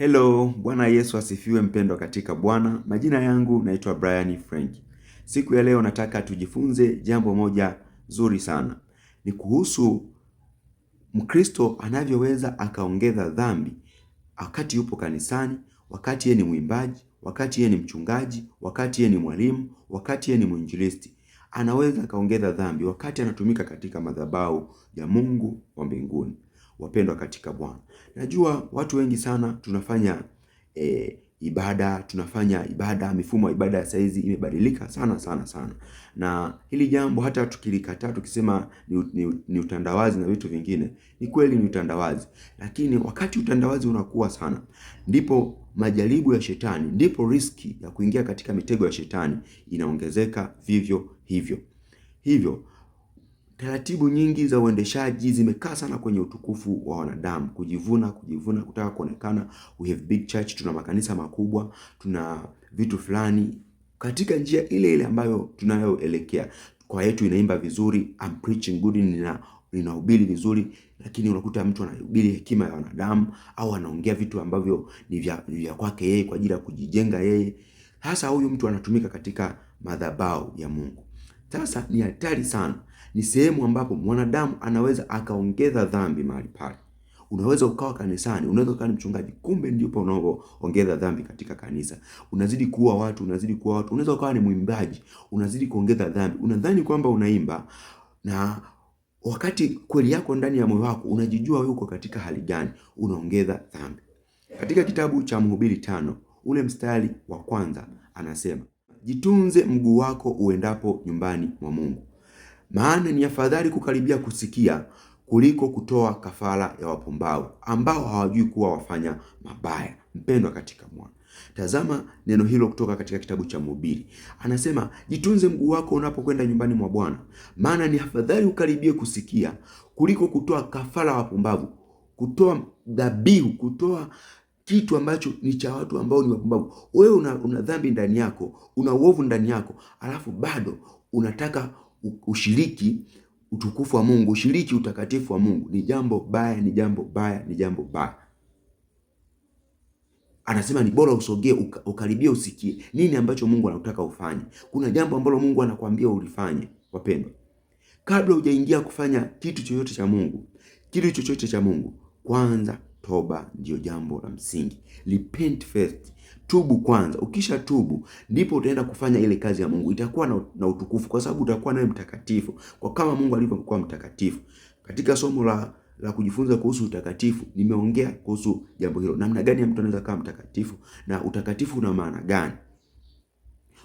Hello, Bwana Yesu asifiwe mpendwa katika Bwana. Majina yangu naitwa Brian Frank. Siku ya leo nataka tujifunze jambo moja zuri sana. Ni kuhusu Mkristo anavyoweza akaongeza dhambi wakati yupo kanisani, wakati yeye ni mwimbaji, wakati yeye ni mchungaji, wakati yeye ni mwalimu, wakati yeye ni mwinjilisti. Anaweza akaongeza dhambi wakati anatumika katika madhabahu ya Mungu wa mbinguni wapendwa katika Bwana. Najua watu wengi sana tunafanya e, ibada tunafanya ibada, mifumo ya ibada ya saizi imebadilika sana sana sana, na hili jambo hata tukilikataa tukisema ni, ni, ni utandawazi na vitu vingine, ni kweli ni utandawazi, lakini wakati utandawazi unakuwa sana, ndipo majaribu ya shetani, ndipo riski ya kuingia katika mitego ya shetani inaongezeka vivyo hivyo. Hivyo Taratibu nyingi za uendeshaji zimekaa sana kwenye utukufu wa wanadamu, kujivuna, kujivuna, kutaka kuonekana, we have big church, tuna makanisa makubwa, tuna vitu fulani, katika njia ile ile ambayo tunayoelekea. Kwa yetu inaimba vizuri, I'm preaching good, nina ninahubiri vizuri, lakini unakuta mtu anahubiri hekima ya wanadamu au anaongea vitu ambavyo ni vya, vya kwake yeye kwa ajili ya kujijenga yeye. Hasa huyu mtu anatumika katika madhabahu ya Mungu. Sasa ni hatari sana, ni sehemu ambapo mwanadamu anaweza akaongeza dhambi mahali pale. Unaweza ukawa kanisani, unaweza ukawa ni mchungaji, kumbe ndipo unapoongeza dhambi katika kanisa. Unazidi kuua watu, unazidi kuua watu. Unaweza ukawa ni mwimbaji, unazidi kuongeza dhambi. Unadhani kwamba unaimba na wakati kweli yako ndani ya moyo wako unajijua wewe uko katika hali gani, unaongeza dhambi. Katika kitabu cha Mhubiri tano ule mstari wa kwanza anasema jitunze mguu wako uendapo nyumbani mwa Mungu, maana ni afadhali kukaribia kusikia kuliko kutoa kafara ya wapumbavu ambao hawajui kuwa wafanya mabaya. Mpendwa katika Bwana, tazama neno hilo kutoka katika kitabu cha Mhubiri, anasema jitunze mguu wako unapokwenda nyumbani mwa Bwana, maana ni afadhali ukaribie kusikia kuliko kutoa kafara wapumbavu, kutoa dhabihu, kutoa kitu ambacho ni cha watu ambao ni wapumbavu. Wewe una, una dhambi ndani yako, una uovu ndani yako, alafu bado unataka ushiriki utukufu wa Mungu, ushiriki utakatifu wa Mungu. Ni jambo baya, ni jambo baya, ni jambo baya. Anasema ni bora usogee ukaribie, usikie nini ambacho Mungu anataka ufanye. Kuna jambo ambalo Mungu anakuambia ulifanye. Wapendwa, kabla hujaingia kufanya kitu chochote cha Mungu, kitu chochote cha Mungu, kwanza toba ndiyo jambo la msingi. Repent first, tubu kwanza. Ukisha tubu ndipo utaenda kufanya ile kazi ya Mungu, itakuwa na, na utukufu kwa sababu utakuwa nawe mtakatifu kwa kama Mungu alivyokuwa mtakatifu. Katika somo la la kujifunza kuhusu utakatifu nimeongea kuhusu jambo hilo, namna gani ya mtu anaweza kuwa mtakatifu na utakatifu una maana gani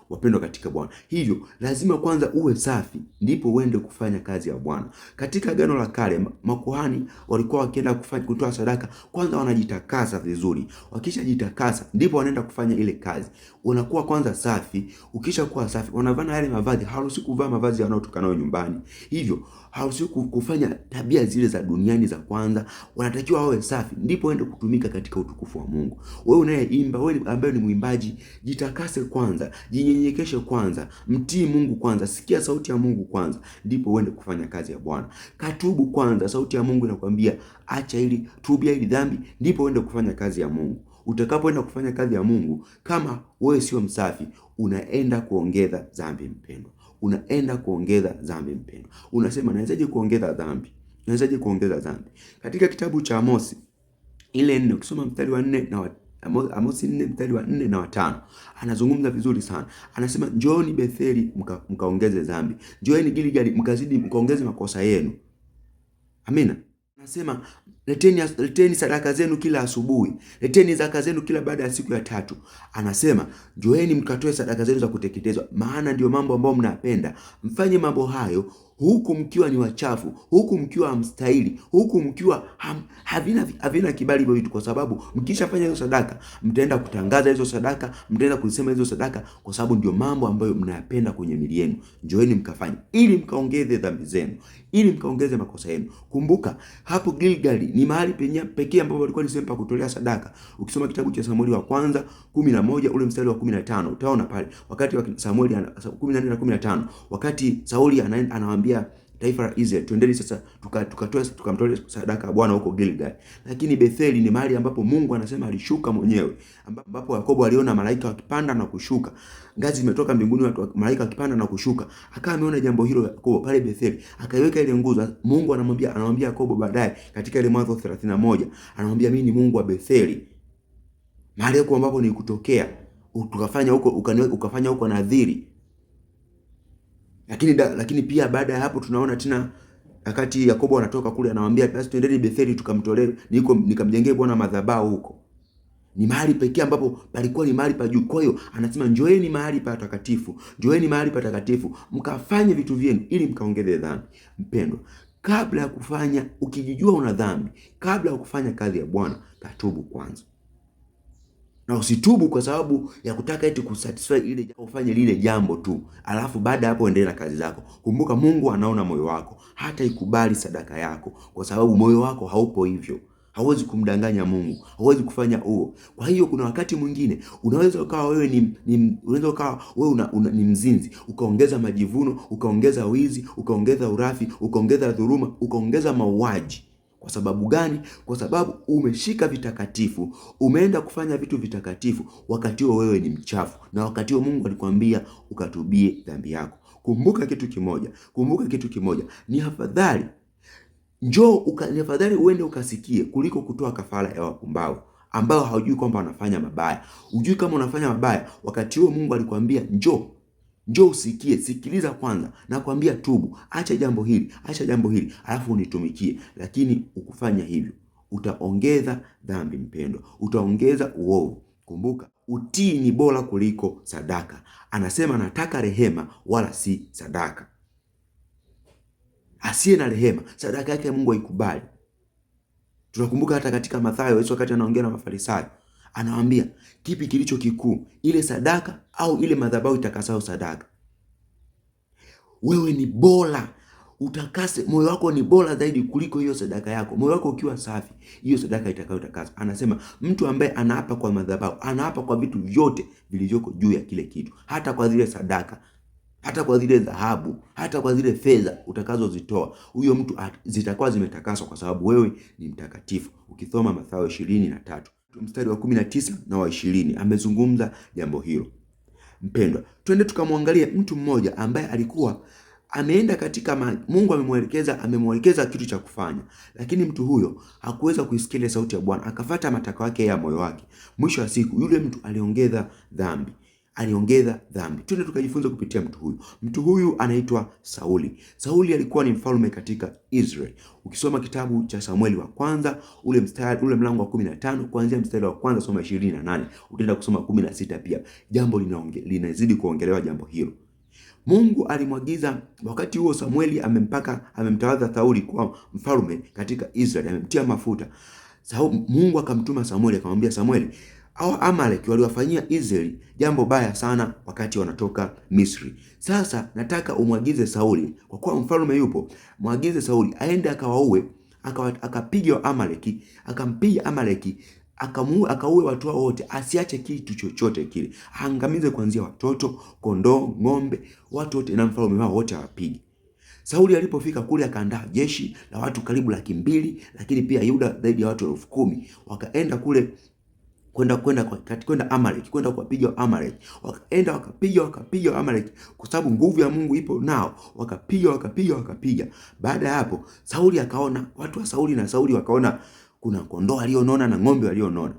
wapendwa katika Bwana. Hivyo lazima kwanza uwe safi, ndipo uende kufanya kazi ya Bwana. Katika Agano la Kale, makuhani walikuwa wakienda kufanya kutoa sadaka, kwanza wanajitakasa vizuri. Wakishajitakasa ndipo wanaenda kufanya ile kazi. Unakuwa kwanza safi. ukisha kuwa safi, wanavana yale mavazi. Haruhusi kuvaa mavazi nayo nyumbani, hivyo haruhusi kufanya tabia zile za duniani za kwanza. Wanatakiwa wawe safi, ndipo waende kutumika katika utukufu wa Mungu. Wewe unayeimba, wewe ambaye ni mwimbaji, jitakase kwanza, jinye mjinyenyekeshe kwanza, mtii Mungu kwanza, sikia sauti ya Mungu kwanza, ndipo uende kufanya kazi ya Bwana. Katubu kwanza, sauti ya Mungu inakwambia acha ili tubia ili dhambi, ndipo uende kufanya kazi ya Mungu. Utakapoenda kufanya kazi ya Mungu, kama wewe sio msafi, unaenda kuongeza dhambi, mpendwa, unaenda kuongeza dhambi. Mpendwa, unasema nawezaje kuongeza dhambi? Nawezaje kuongeza dhambi? Katika kitabu cha Amosi ile nne, ukisoma mstari wa nne na Amosi nne mstari wa nne na watano anazungumza vizuri sana, anasema njooni Betheli mkaongeze mka dhambi, njoeni Gilgali mkazidi mkaongeze makosa yenu. Amina. Anasema leteni, leteni sadaka zenu kila asubuhi, leteni zaka zenu kila baada ya siku ya tatu. Anasema njoeni mkatoe sadaka zenu za kuteketezwa, maana ndio mambo ambayo mnapenda. Mfanye mambo hayo huku mkiwa ni wachafu, huku mkiwa hamstahili, huku mkiwa ham, havina, havina kibali hivyo vitu, kwa sababu mkishafanya hizo sadaka mtaenda kutangaza hizo sadaka, mtaenda kusema hizo sadaka, kwa sababu ndio mambo ambayo mnayapenda kwenye mili yenu. Njoeni mkafanye, ili mkaongeze dhambi zenu, ili mkaongeze makosa yenu. Kumbuka hapo Gilgal ni mahali penye pekee ambapo walikuwa ni sehemu pa kutolea sadaka. Ukisoma kitabu cha Samueli wa kwanza 11 ule mstari wa 15 utaona pale wakati wa Samueli 14 na 15 wakati Sauli anawaambia akamwambia taifa la Israeli, twendeni sasa tukatoe tukamtoa sadaka Bwana huko Gilgal. Lakini Betheli ni mahali ambapo Mungu anasema alishuka mwenyewe, ambapo Yakobo aliona malaika wakipanda na kushuka, ngazi zimetoka mbinguni, watu malaika wakipanda na kushuka. Akawa ameona jambo hilo Yakobo pale Betheli, akaiweka ile nguzo. Mungu anamwambia anamwambia Yakobo baadaye katika ile Mwanzo 31 anamwambia mimi ni Mungu wa Betheli, mahali huko ambapo nilikutokea, ukafanya huko ukafanya huko nadhiri lakini lakini pia baada ya hapo tunaona tena wakati Yakobo anatoka kule anamwambia basi tuendeni Betheli tukamtolee niko nikamjengee Bwana madhabahu huko. Ni mahali pekee ambapo palikuwa ni mahali pa juu. Kwa hiyo anasema njoeni mahali pa takatifu. Njoeni mahali pa takatifu mkafanye vitu vyenu ili mkaongeze dhambi. Mpendwa, kabla ya kufanya ukijijua una dhambi, kabla ya kufanya kazi ya Bwana, katubu kwanza na usitubu kwa sababu ya kutaka eti kusatisfy ile ufanye lile jambo tu, alafu baada hapo endelee na kazi zako. Kumbuka Mungu anaona moyo wako, hata ikubali sadaka yako, kwa sababu moyo wako haupo hivyo. Hauwezi kumdanganya Mungu, hauwezi kufanya huo. Kwa hiyo kuna wakati mwingine unaweza ukawa wewe ni, ni unaweza ukawa wewe una, una, ni mzinzi ukaongeza majivuno ukaongeza wizi ukaongeza urafi ukaongeza dhuluma ukaongeza mauaji kwa sababu gani? Kwa sababu umeshika vitakatifu, umeenda kufanya vitu vitakatifu, wakati huo wewe ni mchafu, na wakati huo Mungu alikwambia ukatubie dhambi yako. Kumbuka kitu kimoja, kumbuka kitu kimoja, ni afadhali njoo uka, ni afadhali uende ukasikie kuliko kutoa kafara ya wapumbavu ambao haujui kwamba wanafanya mabaya. ujui kama unafanya mabaya, wakati huo Mungu alikwambia njoo Njoo usikie, sikiliza kwanza, nakwambia tubu, acha jambo hili, acha jambo hili, alafu unitumikie. Lakini ukufanya hivyo utaongeza dhambi, mpendwa, utaongeza uovu. Kumbuka, utii ni bora kuliko sadaka. Anasema nataka rehema, wala si sadaka. Asiye na rehema, sadaka yake Mungu haikubali. Tunakumbuka hata katika Mathayo, Yesu wakati anaongea na Mafarisayo Anawaambia kipi kilicho kikuu, ile sadaka au ile madhabahu itakasayo sadaka? Wewe ni bora, utakase moyo wako, ni bora zaidi kuliko hiyo sadaka yako. Moyo wako ukiwa safi, hiyo sadaka itakayo itakayotakasa. Anasema mtu ambaye anaapa kwa madhabahu, anaapa kwa vitu vyote vilivyoko juu ya kile kitu, hata kwa zile sadaka hata kwa zile dhahabu hata kwa zile fedha utakazozitoa, huyo mtu zitakuwa zimetakaswa, kwa sababu wewe ni mtakatifu. Ukisoma Mathayo ishirini na tatu mstari wa 19 na wa ishirini amezungumza jambo hilo. Mpendwa, twende tukamwangalie mtu mmoja ambaye alikuwa ameenda katika ma... Mungu amemwelekeza amemwelekeza kitu cha kufanya, lakini mtu huyo hakuweza kuisikia sauti ya Bwana, akafata matakwa yake ya moyo wake. Mwisho wa siku, yule mtu aliongeza dhambi aliongeza dhambi. Twende tukajifunza kupitia mtu huyu. Mtu huyu anaitwa Sauli. Sauli alikuwa ni mfalme katika Israel. Ukisoma kitabu cha Samueli wa kwanza ule mstari, ule mlango wa 15 kuanzia mstari wa kwanza soma 28, utaenda kusoma 16 pia. Jambo linaonge, linazidi kuongelewa jambo hilo. Mungu alimwagiza wakati huo Samueli amempaka amemtawaza Sauli kuwa mfalme katika Israeli, amemtia mafuta. Mungu akamtuma Samueli akamwambia Samueli au Amalek waliwafanyia Israeli jambo baya sana wakati wanatoka Misri. Sasa nataka umwagize Sauli, kwa kuwa mfalme yupo, mwagize Sauli aende akawaue, akapiga Amaleki, akampiga Amaleki akamuue akaue watu wao wote, asiache kitu chochote kile, aangamize kuanzia watoto, kondoo, ng'ombe, watu wote na mfalme wao wote awapige. Sauli alipofika kule akaandaa jeshi la watu karibu laki mbili, lakini pia Yuda zaidi ya watu elfu kumi wakaenda kule kwenda kwenda kwa kati kwenda Amalek, kwenda kuwapiga Amalek. Wakaenda wakapiga wakapiga Amalek, kwa sababu nguvu ya Mungu ipo nao, wakapiga wakapiga wakapiga. Baada ya hapo, Sauli akaona watu wa Sauli na Sauli wakaona kuna kondoo alionona na ng'ombe alionona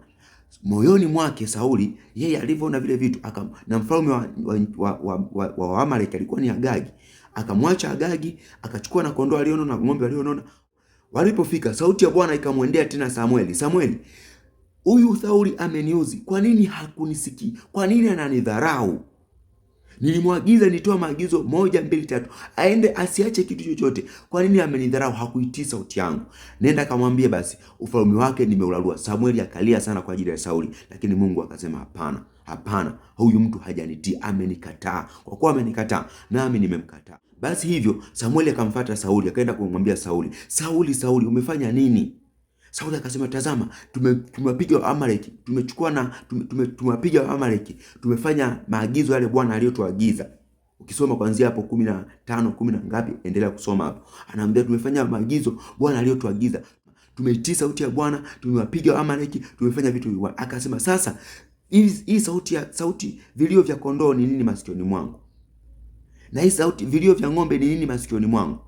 moyoni mwake Sauli, yeye alivyoona vile vitu aka, na mfalme wa, wa, wa, wa, wa wa Amalek alikuwa ni Agagi, akamwacha Agagi akachukua na kondoo alionona na ng'ombe alionona. Walipofika sauti ya Bwana ikamwendea tena Samueli, Samueli huyu Thauli ameniuzi, kwa nini hakunisikii? Kwa nini ananidharau? Nilimwagiza, nitoa maagizo moja mbili tatu, aende asiache kitu chochote. Kwa nini amenidharau? Hakuitii sauti yangu. Nenda kamwambie basi, ufalme wake nimeulalua. Samueli akalia sana kwa ajili ya Sauli, lakini Mungu akasema hapana, hapana, huyu mtu hajanitii, amenikataa. Kwa kuwa amenikataa, nami nimemkataa. Basi hivyo Samueli akamfata Sauli, akaenda kumwambia Sauli, Sauli, Sauli, umefanya nini? Sauli akasema, tazama, tumewapiga Waamaleki, tumechukua na tumewapiga Waamaleki, tumefanya maagizo yale Bwana aliyotuagiza. Ukisoma kuanzia hapo kumi na tano kumi na ngapi, endelea kusoma hapo, anaambia tumefanya maagizo Bwana aliyotuagiza, tumeitii sauti ya Bwana, tumewapiga Waamaleki, tumefanya vitu hivyo. Akasema sasa hii sauti ya sauti vilio vya kondoo ni nini masikioni mwangu, na hii sauti vilio vya ng'ombe ni nini masikioni mwangu?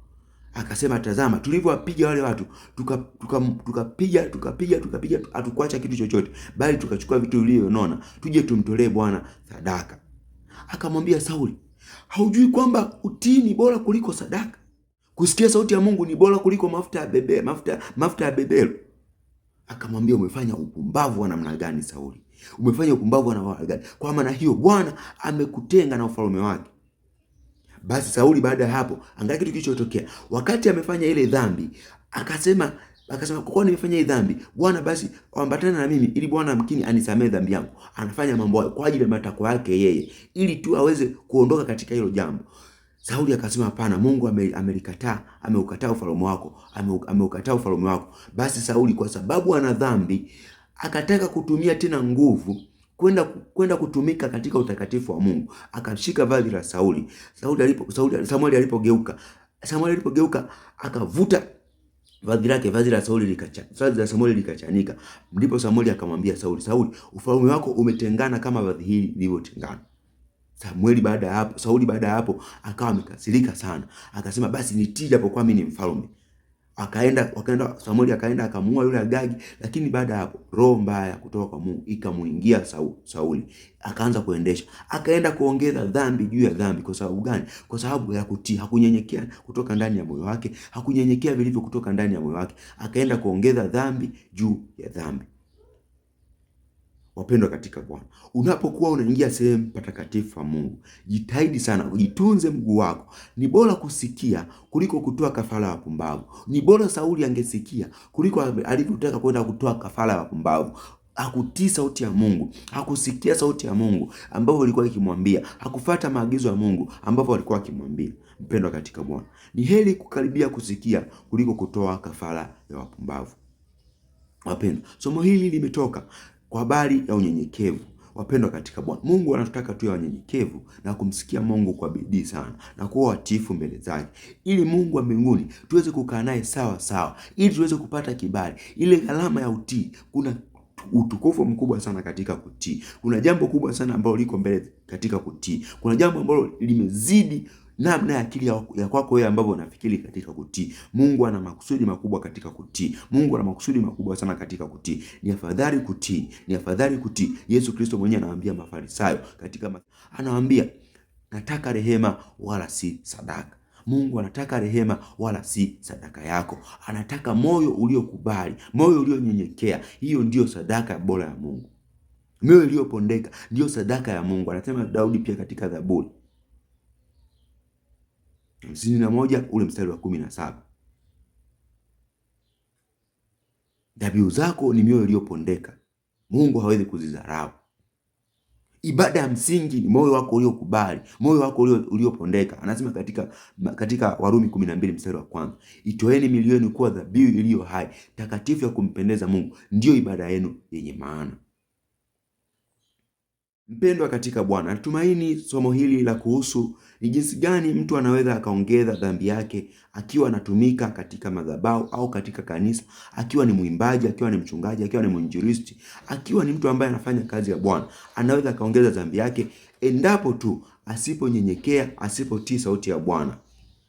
Akasema tazama, tulivyowapiga wale watu, tukapiga tuka, tuka tukapiga tukapiga, hatukuacha kitu chochote, bali tukachukua vitu vilivyonona, tuje tumtolee Bwana sadaka. Akamwambia Sauli, haujui kwamba utii ni bora kuliko sadaka? Kusikia sauti ya Mungu ni bora kuliko mafuta ya bebe, mafuta mafuta ya bebelo. Akamwambia, umefanya upumbavu wa namna gani Sauli? Umefanya upumbavu wa namna gani? Kwa maana hiyo Bwana amekutenga na ufalme wake basi Sauli baada ya hapo, angalia kitu kilichotokea wakati amefanya ile dhambi, akasema akasema kwa kuwa nimefanya hii dhambi Bwana, basi ambatana na mimi, ili Bwana mkini anisamehe dhambi yangu. Anafanya mambo hayo kwa ajili ya matakwa yake yeye, ili tu aweze kuondoka katika hilo jambo. Sauli akasema hapana, Mungu amelikataa, ameukataa ufalme wako, ameukataa ufalme wako. Basi Sauli kwa sababu ana dhambi, akataka kutumia tena nguvu kwenda kwenda kutumika katika utakatifu wa Mungu. Akashika vazi la Sauli. Sauli alipo Sauli Samueli alipogeuka, Samueli alipogeuka akavuta vazi lake, vazi la Sauli likachanika, vazi la Samueli likachanika. Ndipo Samueli akamwambia Sauli, Sauli, ufalme wako umetengana kama vazi hili lilivyotengana. Samueli baada ya hapo, Sauli baada ya hapo akawa amekasirika sana, akasema basi nitii, japokuwa mimi ni mfalme akaenda wakaenda Samueli akaenda akamua yule Agagi, lakini baada ya roho mbaya kutoka kwa Mungu ikamuingia Sauli, akaanza kuendesha, akaenda kuongeza dhambi juu ya dhambi. Kwa sababu gani? Kwa sababu ya kutii, hakunyenyekea kutoka ndani ya moyo wake, hakunyenyekea vilivyo kutoka ndani ya moyo wake, akaenda kuongeza dhambi juu ya dhambi. Wapendwa katika Bwana, unapokuwa unaingia sehemu patakatifu pa Mungu, jitahidi sana ujitunze mguu wako. Ni bora kusikia kuliko kutoa kafara ya wapumbavu. Ni bora Sauli angesikia kuliko alivyotaka kwenda kutoa kafara ya wapumbavu. Hakutii sauti ya Mungu, hakusikia sauti ya Mungu ambavyo alikuwa akimwambia, hakufuata maagizo ya Mungu ambavyo alikuwa akimwambia. Mpendwa katika Bwana, ni heri kukaribia kusikia kuliko kutoa kafara ya wapumbavu. Wapendwa, somo hili limetoka kwa habari ya unyenyekevu. Wapendwa katika Bwana, Mungu anatutaka tuwe wanyenyekevu na kumsikia Mungu kwa bidii sana na kuwa watiifu mbele zake, ili Mungu wa mbinguni tuweze kukaa naye sawa sawa, ili tuweze kupata kibali, ile gharama ya utii. Kuna utukufu mkubwa sana katika kutii. Kuna jambo kubwa sana ambalo liko mbele katika kutii. Kuna jambo ambalo limezidi namna ya akili ya kwako wewe ambavyo unafikiri katika kutii. Mungu ana makusudi makubwa katika kutii. Mungu ana makusudi makubwa sana katika kutii. Ni afadhali kutii, ni afadhali kutii. Yesu Kristo mwenyewe anawaambia Mafarisayo katika ma... anawaambia nataka rehema wala si sadaka. Mungu anataka rehema wala si sadaka yako. Anataka moyo uliokubali, moyo ulionyenyekea. Hiyo ndiyo sadaka bora ya Mungu. Mioyo iliyopondeka ndiyo sadaka ya Mungu. Anasema Daudi pia katika Zaburi hamsini na moja ule mstari wa kumi na saba dhabihu zako ni mioyo iliyopondeka, Mungu hawezi kuzidharau. Ibada ya msingi ni moyo wako uliokubali, moyo wako uliopondeka. Anasema katika, katika Warumi kumi na mbili mstari wa kwanza, itoeni milioni kuwa dhabihu iliyo hai takatifu ya kumpendeza Mungu, ndiyo ibada yenu yenye maana. Mpendwa katika Bwana, natumaini somo hili la kuhusu ni jinsi gani mtu anaweza akaongeza dhambi yake akiwa anatumika katika madhabahu au katika kanisa, akiwa ni mwimbaji, akiwa ni mchungaji, akiwa ni mwinjilisti, akiwa ni mtu ambaye anafanya kazi ya Bwana, anaweza akaongeza dhambi yake endapo tu asiponyenyekea, asipotii sauti ya Bwana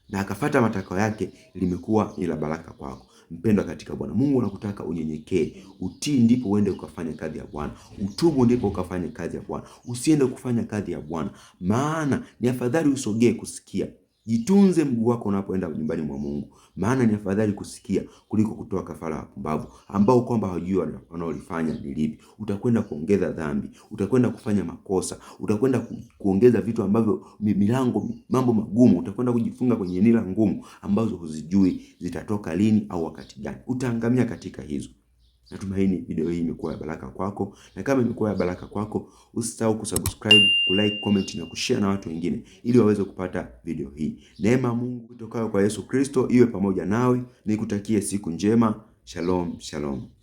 na akafata matakwa yake, limekuwa ni la baraka kwako. Mpendwa katika Bwana, Mungu anakutaka unyenyekee, utii, ndipo uende ukafanya kazi ya Bwana. Utubu ndipo ukafanya kazi ya Bwana, usiende kufanya kazi ya Bwana, maana ni afadhali usogee kusikia Jitunze mguu wako unapoenda nyumbani mwa Mungu, maana ni afadhali kusikia kuliko kutoa kafara ya pumbavu, ambao kwamba hawajui wanaolifanya ni lipi. Utakwenda kuongeza dhambi, utakwenda kufanya makosa, utakwenda kuongeza vitu ambavyo milango, mambo magumu, utakwenda kujifunga kwenye nira ngumu ambazo huzijui zitatoka lini au wakati gani. Utaangamia katika hizo. Natumaini video hii imekuwa ya baraka kwako, na kama imekuwa ya baraka kwako, usisahau kusubscribe, kulike, comment na kushare na watu wengine ili waweze kupata video hii. Neema Mungu itokayo kwa Yesu Kristo iwe pamoja nawe. Nikutakie siku njema. Shalom, shalom.